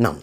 Naam,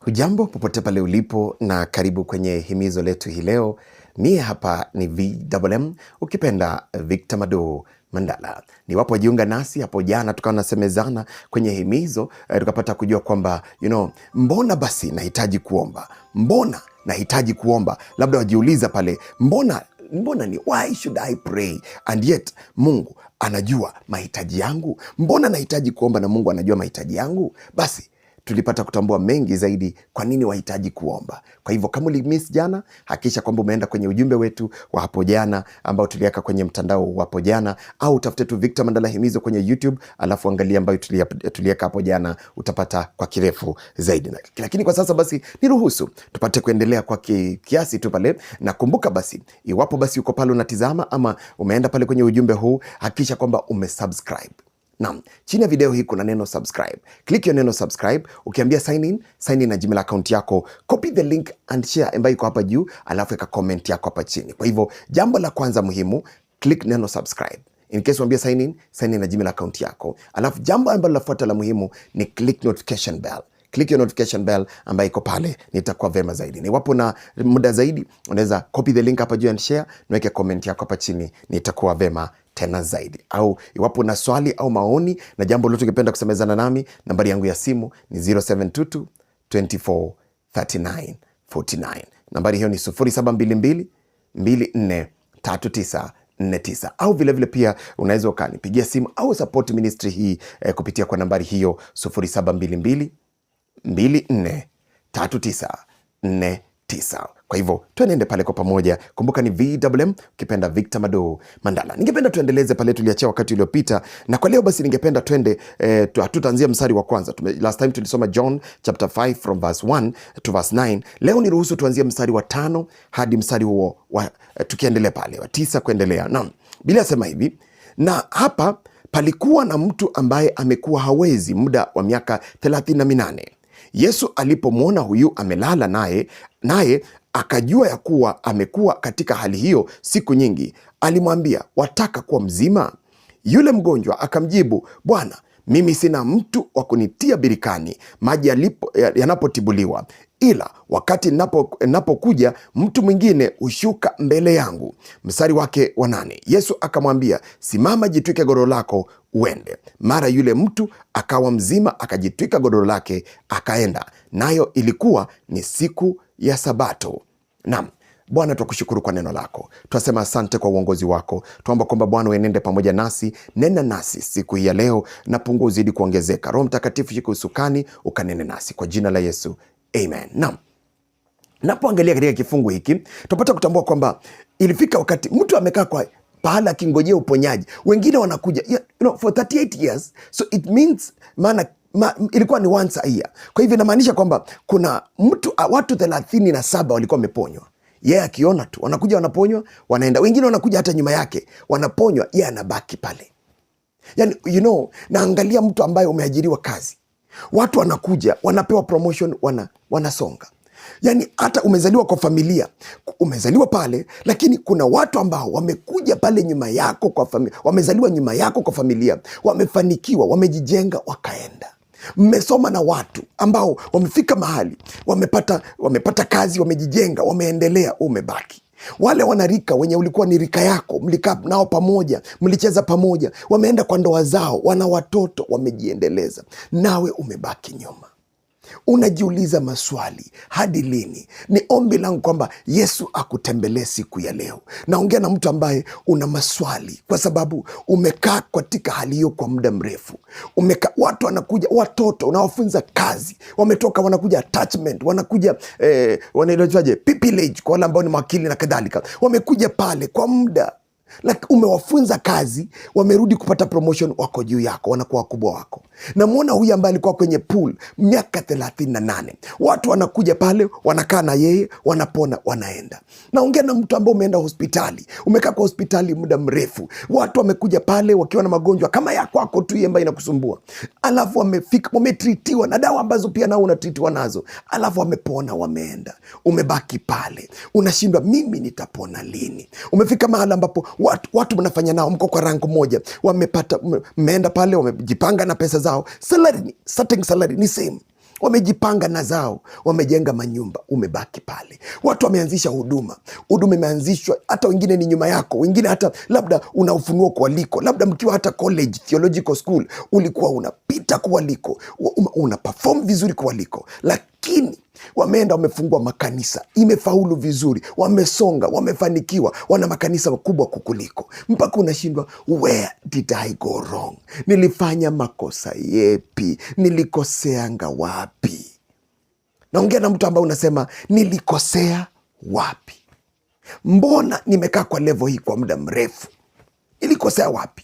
hujambo popote pale ulipo na karibu kwenye himizo letu hii leo. Mie hapa ni VMM, ukipenda Victor Mado Mandala. Ni wapo wajiunga nasi hapo jana, tukawa nasemezana kwenye himizo eh, tukapata kujua kwamba you know, mbona basi nahitaji kuomba, mbona nahitaji kuomba, labda wajiuliza pale, mbona mbona ni why should I pray and yet Mungu anajua mahitaji yangu, mbona nahitaji kuomba na Mungu anajua mahitaji yangu? Basi tulipata kutambua mengi zaidi, kwa nini wahitaji kuomba. Kwa hivyo kama ulimiss jana, hakikisha kwamba umeenda kwenye ujumbe wetu wa hapo jana ambao tuliweka kwenye mtandao wa hapo jana, au utafute tu Victor Mandala Himizo kwenye YouTube, alafu angalia ambayo tuliweka hapo jana, utapata kwa kirefu zaidi. Lakini kwa sasa basi niruhusu tupate kuendelea kwa kiasi tu pale, na kumbuka basi, iwapo basi uko pale unatizama ama umeenda pale kwenye ujumbe huu, hakikisha kwamba umesubscribe Naam, chini ya video hii kuna neno subscribe. Click hiyo neno subscribe, ukiambia sign in, sign in na Gmail account yako, copy the link and share ambayo iko hapa juu, alafu ka comment yako hapa chini. Kwa hivyo jambo la kwanza muhimu, click neno subscribe. In case uambia sign in, sign in na Gmail account yako, alafu jambo ambalo lafuata la muhimu ni click notification bell click your notification bell ambayo iko pale, nitakuwa vema zaidi. Ni wapo na muda zaidi, unaweza copy the link hapa juu and share, niweke comment yako hapa chini, nitakuwa vema tena zaidi. Au iwapo na swali au maoni na jambo lolote ungependa kusemezana nami, nambari yangu ya simu ni 0722 24 39 Nambari hiyo ni 0722 24 39 au vilevile vile pia unaweza ukanipigia simu au support ministry hii eh, kupitia kwa nambari hiyo 0722 243949. Kwa hivyo tuenende pale kwa pamoja. Kumbuka ni VMM, ukipenda Victor Mado Mandala. Ningependa tuendeleze pale tuliachia wakati uliopita, na kwa leo basi ningependa twende eh, tutaanzia mstari wa kwanza. Tume, last time tulisoma John chapter 5 from verse 1 to verse 9. Leo niruhusu ruhusu tuanzie mstari wa tano hadi mstari huo wa, eh, tukiendelea pale wa tisa kuendelea. Naam, bila sema hivi na hapa palikuwa na mtu ambaye amekuwa hawezi muda wa miaka thelathini na minane Yesu alipomwona huyu amelala naye naye akajua ya kuwa amekuwa katika hali hiyo siku nyingi, alimwambia, wataka kuwa mzima? Yule mgonjwa akamjibu, Bwana, mimi sina mtu wa kunitia birikani maji yanapotibuliwa, ila wakati napokuja napo mtu mwingine hushuka mbele yangu. Mstari wake wa nane, Yesu akamwambia, simama, jitwike godoro lako uende. Mara yule mtu akawa mzima, akajitwika godoro lake akaenda. Nayo ilikuwa ni siku ya Sabato. Naam. Bwana, twakushukuru kwa neno lako, twasema asante kwa uongozi wako. Twaomba kwamba Bwana uenende pamoja nasi, nena nasi siku hii ya leo, na pungu uzidi kuongezeka. Roho Mtakatifu shika usukani, ukanene nasi kwa jina la Yesu, amen. Naam, napoangalia katika kifungu hiki tunapata kutambua kwamba ilifika wakati mtu amekaa kwa pahala akingojea uponyaji, wengine wanakuja you know, for 38 years so it means maana Ma, ilikuwa ni once a year. Kwa hivyo inamaanisha kwamba kuna mtu watu thelathini na saba walikuwa wameponywa yeye yeah, akiona tu wanakuja wanaponywa, wanaenda. Wengine wanakuja hata nyuma yake wanaponywa, yeye yeah, anabaki pale. Yani, you know, naangalia mtu ambaye umeajiriwa kazi, watu wanakuja wanapewa promotion, wana, wanasonga Yani hata umezaliwa kwa familia, umezaliwa pale, lakini kuna watu ambao wamekuja pale nyuma yako kwa familia, wamezaliwa nyuma yako kwa familia, wamefanikiwa, wamejijenga, wakaenda mmesoma na watu ambao wamefika mahali wamepata, wamepata kazi, wamejijenga, wameendelea, umebaki wale wanarika wenye ulikuwa ni rika yako, mlikaa nao pamoja, mlicheza pamoja, wameenda kwa ndoa zao, wana watoto, wamejiendeleza, nawe umebaki nyuma unajiuliza maswali hadi lini? Ni ombi langu kwamba Yesu akutembelee siku ya leo. Naongea na mtu ambaye una maswali, kwa sababu umekaa katika hali hiyo kwa muda mrefu. Umeka, watu wanakuja, watoto unawafunza kazi, wametoka wanakuja attachment, wanakuja eh, wanaitwaje, pupillage kwa wale ambao ni mawakili na kadhalika, wamekuja pale kwa muda Like umewafunza kazi, wamerudi kupata promotion, wako juu yako, wanakuwa wakubwa wako. Namwona huyu ambaye alikuwa kwenye pool miaka thelathini na nane, watu wanakuja pale, wanakaa na yeye, wanapona, wanaenda. Naongea na mtu ambaye umeenda hospitali, umekaa kwa hospitali muda mrefu, watu wamekuja pale wakiwa na magonjwa kama ya kwako tu ambayo inakusumbua, alafu wamefika, wametritiwa na dawa ambazo pia nao unatritiwa nazo, alafu wamepona, wameenda. Umebaki pale unashindwa, mimi nitapona lini? Umefika mahala ambapo watu, watu mnafanya nao, mko kwa rango moja, wamepata mmeenda pale, wamejipanga na pesa zao, salary starting salary ni same wamejipanga na zao, wamejenga manyumba, umebaki pale. Watu wameanzisha huduma, huduma imeanzishwa, hata wengine ni nyuma yako, wengine hata labda una ufunuo kualiko, labda mkiwa hata college theological school ulikuwa unapita kualiko, una perform vizuri kualiko, lakini wameenda wamefungua makanisa, imefaulu vizuri, wamesonga, wamefanikiwa, wana makanisa makubwa kukuliko, mpaka unashindwa where did I go wrong? Nilifanya makosa yepi? Nilikoseanga wapi? Naongea na mtu ambaye unasema nilikosea wapi? Mbona nimekaa kwa levo hii kwa muda mrefu? Nilikosea wapi?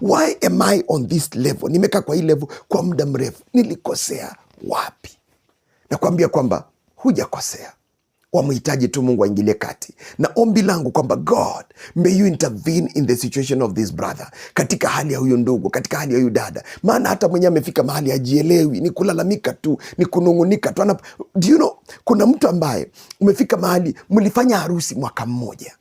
Why am I on this level? Nimekaa kwa hii level kwa muda mrefu, nilikosea wapi? nakwambia kwamba hujakosea wamhitaji tu Mungu aingilie kati, na ombi langu kwamba God may you intervene in the situation of this brother, katika hali ya huyu ndugu, katika hali ya huyu dada, maana hata mwenyewe amefika mahali ajielewi ni kulalamika tu, ni kunung'unika tu. Do you know, kuna mtu ambaye umefika mahali mlifanya harusi mwaka mmoja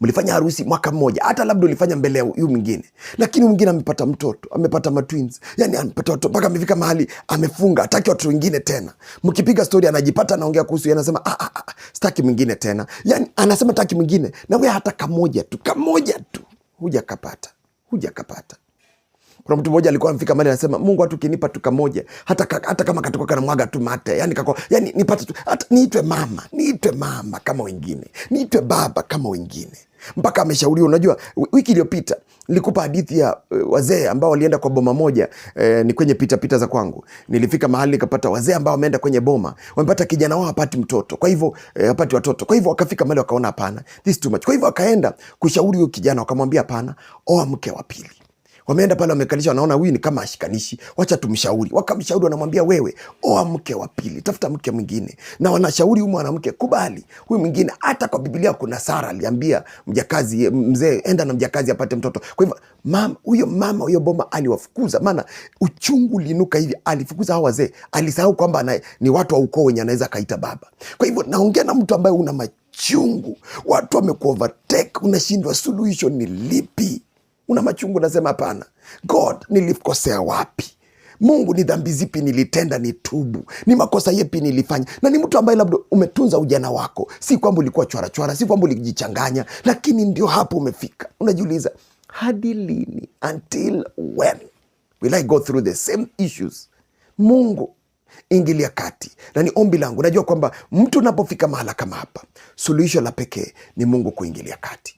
mlifanya harusi mwaka mmoja, hata labda ulifanya mbele ya huyu mwingine, lakini mwingine amepata mtoto, amepata matwins, yani amepata watoto mpaka amefika mahali amefunga, hataki watoto wengine tena. Mkipiga stori, anajipata anaongea kuhusu anasema ah, ah, ah, sitaki mwingine tena, yani anasema taki mwingine, na wewe hata kamoja tu, kamoja tu hujakapata, hujakapata. Kuna mtu mmoja alikuwa amfika mali anasema, Mungu hata ukinipa tu kamoja, hata, hata kama katoka kana mwaga tu mate, yani kako, yani nipate tu hata niitwe mama, niitwe mama kama wengine, niitwe baba kama wengine. Mpaka ameshauriwa. Unajua, wiki iliyopita nilikupa hadithi ya eh, wazee ambao walienda kwa boma moja eh, ni kwenye pita pita za kwangu. Nilifika mahali nikapata wazee ambao wameenda kwenye boma, wamepata kijana wao hapati mtoto, kwa hivyo eh, hapati watoto. Kwa hivyo wakafika mahali wakaona hapana, this too much. Kwa hivyo wakaenda kushauri huyo kijana, wakamwambia hapana, oa mke wa pili. Wameenda pale wamekalisha, wanaona huyu ni kama ashikanishi, wacha tumshauri. Wakamshauri, wanamwambia wewe, oa mke wa pili, tafuta mke mwingine, na wanashauri huyu mwanamke kubali huyu mwingine. Hata kwa Biblia kuna Sara aliambia mjakazi mzee, enda na mjakazi apate mtoto. Kwa hivyo mama huyo, mama huyo boma aliwafukuza, maana uchungu linuka hivi, alifukuza hao wazee, alisahau kwamba ni watu wa ukoo wenye anaweza kaita baba. Kwa hivyo naongea na mtu ambaye una machungu, watu wamekuovertake, unashindwa suluhisho ni lipi? una machungu, nasema hapana, God, nilikosea wapi? Mungu, ni dhambi zipi nilitenda nitubu? Ni makosa yepi nilifanya? Na ni mtu ambaye labda umetunza ujana wako, si kwamba ulikuwa chwarachwara, si kwamba ulijichanganya, lakini ndio hapo umefika. Unajiuliza, hadi lini? Until when will I go through the same issues? Mungu ingilia kati, na ni ombi langu. Najua kwamba mtu unapofika mahala kama hapa, suluhisho la pekee ni Mungu kuingilia kati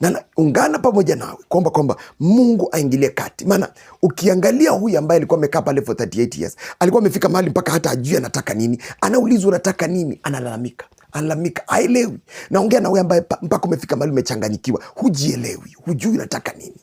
na naungana pamoja nawe kuomba kwamba Mungu aingilie kati, maana ukiangalia huyu ambaye alikuwa amekaa pale for 38 years alikuwa amefika mahali mpaka hata ajui anataka nini, anaulizwa unataka nini, analalamika analalamika, aelewi Naongea na wewe ambaye mpaka umefika mahali umechanganyikiwa, hujielewi, hujui unataka nini.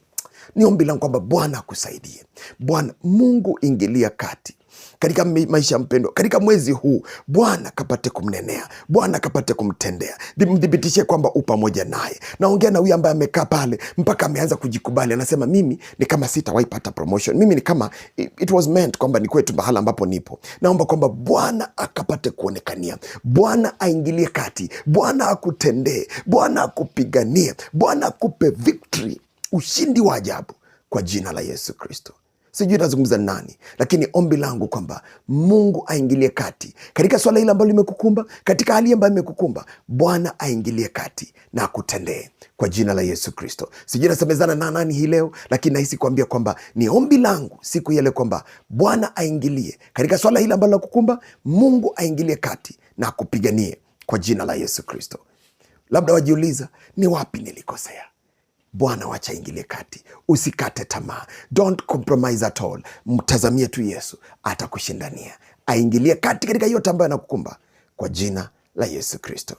Ni ombi langu kwamba Bwana akusaidie. Bwana Mungu ingilia kati, katika maisha mpendo, katika mwezi huu Bwana kapate kumnenea, Bwana kapate kumtendea, mdhibitishe kwamba u pamoja naye. Naongea na huyu ambaye amekaa pale mpaka ameanza kujikubali, anasema mimi ni kama sitawahi pata promotion, mimi ni kama it was meant kwamba ni kwetu mahala ambapo nipo. Naomba kwamba Bwana akapate kuonekania, Bwana aingilie kati, Bwana akutendee, Bwana akupiganie, Bwana akupe victory, ushindi wa ajabu kwa jina la Yesu Kristo sijui nazungumza nani, lakini ombi langu kwamba Mungu aingilie kati katika swala hili ambalo limekukumba, katika hali ambayo imekukumba, Bwana aingilie kati na akutendee kwa jina la Yesu Kristo. Sijui nasemezana na nani hii leo, lakini nahisi kuambia kwamba ni ombi langu siku ile kwamba Bwana aingilie katika swala hili ambalo nakukumba Mungu aingilie kati na akupiganie kwa jina la Yesu Kristo. Labda wajiuliza, ni wapi nilikosea? Bwana wachaingilie kati, usikate tamaa, don't compromise at all. Mtazamie tu Yesu, atakushindania aingilie kati katika yote ambayo anakukumba kwa jina la Yesu Kristo,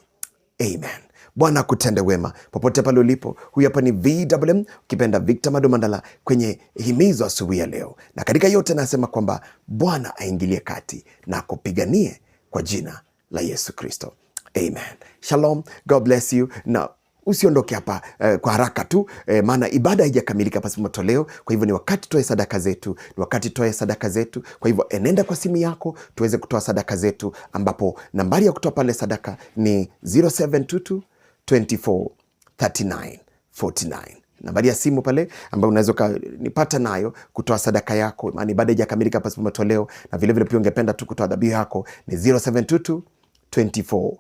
amen. Bwana akutende wema popote pale ulipo. Huyu hapa ni VMM ukipenda Victor Mandala kwenye himizo asubuhi ya leo, na katika yote anasema kwamba Bwana aingilie kati na akupiganie kwa jina la Yesu Kristo, amen. Shalom, God bless you na Usiondoke hapa eh, kwa haraka tu eh, maana ibada haijakamilika pasipo matoleo. Kwa hivyo ni wakati tutoe sadaka zetu, ni wakati tutoe sadaka zetu. Kwa hivyo enenda eh, kwa simu yako tuweze kutoa sadaka zetu, ambapo nambari ya kutoa pale sadaka ni 0722 24 39 nambari ya simu pale ambayo unaweza ukanipata nayo kutoa sadaka yako, maana ibada haijakamilika pasipo matoleo. Na vilevile pia ungependa tu kutoa dhabihu yako ni 0722 24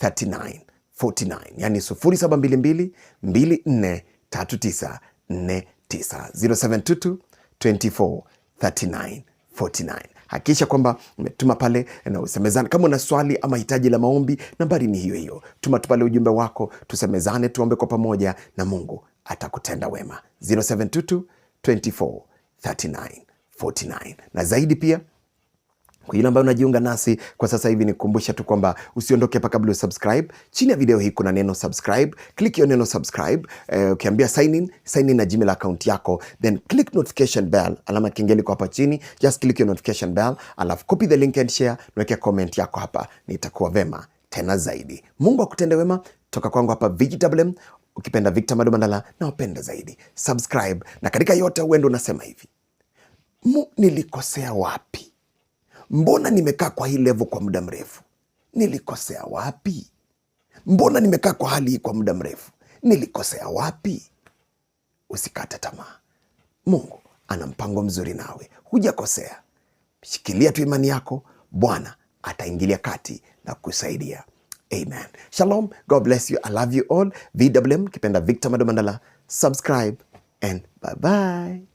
39 49, yani 0722 2439 0722 24 39 49. Hakikisha kwamba umetuma pale na usemezane. Kama una swali ama hitaji la maombi, nambari ni hiyo hiyo. Tuma tu pale ujumbe wako, tusemezane, tuombe kwa pamoja na Mungu atakutenda wema. 0722 24 49. Na zaidi pia 0722 kwa yule ambaye unajiunga nasi kwa sasa hivi, nikukumbusha tu kwamba usiondoke hapa kabla usubscribe. Chini ya video hii kuna neno subscribe, click hiyo neno subscribe. Eh, ukiambia sign in, sign in na Gmail account yako, then click notification bell, alama kengele kwa hapa chini, just click hiyo notification bell, alafu copy the link and share, nawekea comment yako hapa, nitakuwa vema tena zaidi. Mungu akutende wema toka kwangu hapa VGWM, ukipenda Victor Mandala na upende zaidi subscribe, na katika yote uende unasema hivi, nilikosea wapi? mbona nimekaa kwa hii level kwa muda mrefu? Nilikosea wapi? Mbona nimekaa kwa hali hii kwa muda mrefu? Nilikosea wapi? Usikate tamaa, Mungu ana mpango mzuri nawe, hujakosea. Shikilia tu imani yako, Bwana ataingilia kati na kusaidia. Amen. Shalom, God bless you, I love you all. VWM, kipenda Victor Mandala. Subscribe and bye bye.